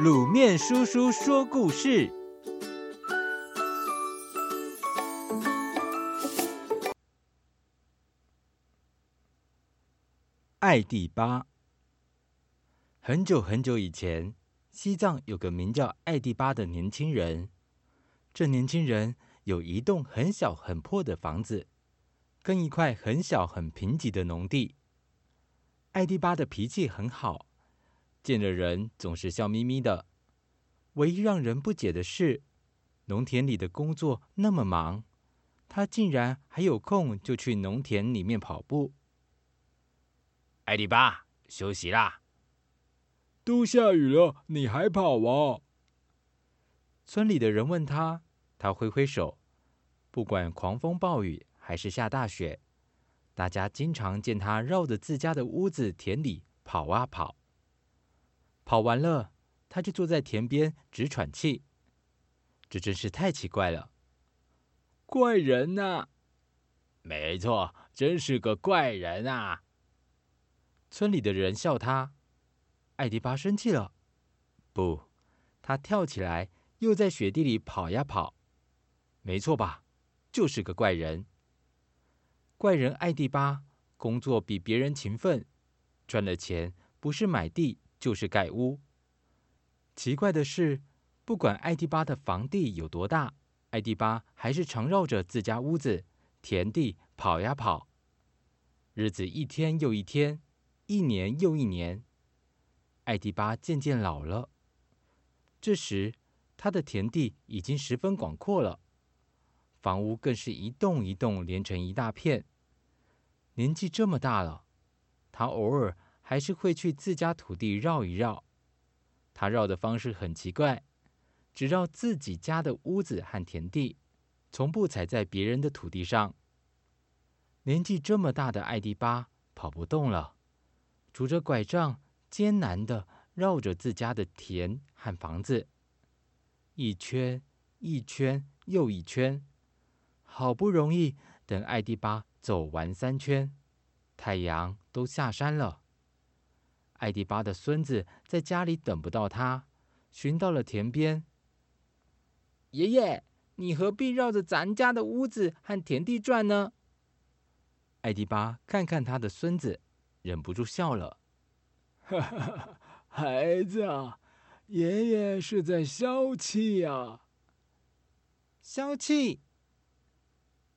滷麵叔叔說故事：愛地巴。很久很久以前，西藏有個名叫愛地巴的年輕人。這年輕人有一棟很小很破的房子，跟一塊很小很貧瘠的農地。愛地巴的脾氣很好。見着人總是笑眯眯的。唯一讓人不解的是，農田裡的工作那麼忙，他竟然還有空就去農田裡面跑步。愛地巴，休息啦！都下雨了，你還跑啊？村裡的人問他，他揮揮手。不管狂風暴雨還是下大雪，大家經常見他繞着自家的屋子、田裡跑啊跑。跑完了，他就坐在田邊直喘氣。這真是太奇怪了，怪人吶、啊！沒錯，真是個怪人啊！村裡的人笑他，愛地巴生氣了。不，他跳起來，又在雪地裡跑呀跑。沒錯吧？就是個怪人。怪人愛地巴工作比別人勤奮，賺了錢不是買地。就是蓋屋。奇怪的是，不管愛地巴的房地有多大，愛地巴還是常繞着自家屋子、田地跑呀跑。日子一天又一天，一年又一年，愛地巴漸漸老了。這時，他的田地已經十分廣闊了，房屋更是一棟一棟連成一大片。年紀這麼大了，他偶爾。還是會去自家土地繞一繞，他繞的方式很奇怪，只繞自己家的屋子和田地，從不踩在別人的土地上。年紀這麼大的愛地巴跑不動了，拄着拐杖艱難地繞着自家的田和房子，一圈一圈又一圈，好不容易等愛地巴走完三圈，太陽都下山了。愛地巴的孫子在家裡等不到他，尋到了田邊。爺爺，你何必繞着咱家的屋子和田地轉呢？愛地巴看看他的孫子，忍不住笑了。 孩子啊，爺爺是在消氣呀、啊，消氣。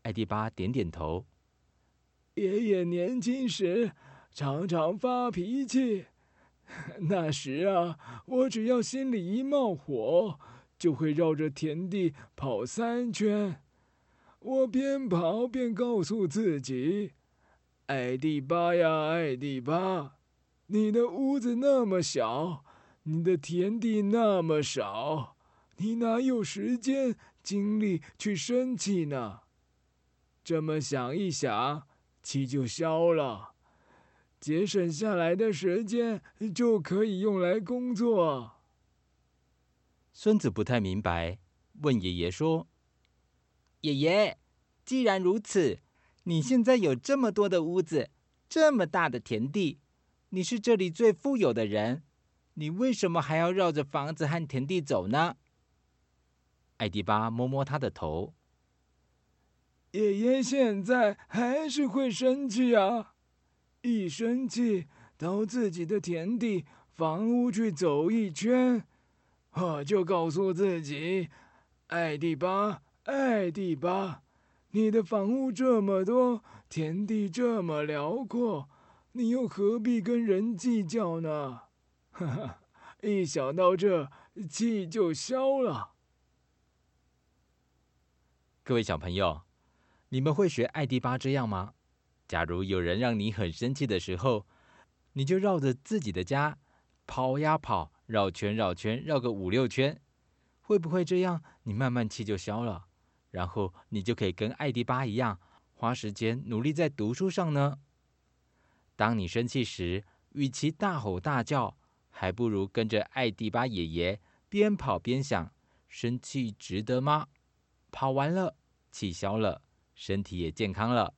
愛地巴點點頭。爺爺年輕時常常發脾氣。那時啊，我只要心裡一冒火，就會繞着田地跑三圈。我邊跑邊告訴自己：“愛地巴呀，愛地巴，你的屋子那麼小，你的田地那麼少，你哪有時間精力去生氣呢？”這麼想一想，氣就消了。節省下來的時間就可以用來工作。孫子不太明白，問爺爺說：“爺爺，既然如此，你現在有這麼多的屋子，這麼大的田地，你是這裡最富有的人，你為什麼還要繞着房子和田地走呢？”艾迪巴摸摸他的頭：“爺爺現在還是會生氣啊。”一生氣，到自己的田地、房屋去走一圈，我就告訴自己：“愛地巴，愛地巴，你的房屋這麼多，田地這麼遼闊，你又何必跟人計較呢？”哈哈，一想到這，氣就消了。各位小朋友，你們會學愛地巴這樣嗎？假如有人讓你很生氣的時候，你就繞着自己的家跑呀跑，繞圈繞圈繞個五六圈，會不會這樣？你慢慢氣就消了，然後你就可以跟愛地巴一樣，花時間努力在讀書上呢。當你生氣時，與其大吼大叫，還不如跟着愛地巴爺爺邊跑邊想：生氣值得嗎？跑完了，氣消了，身體也健康了。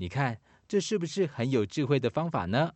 你看，這是不是很有智慧的方法呢？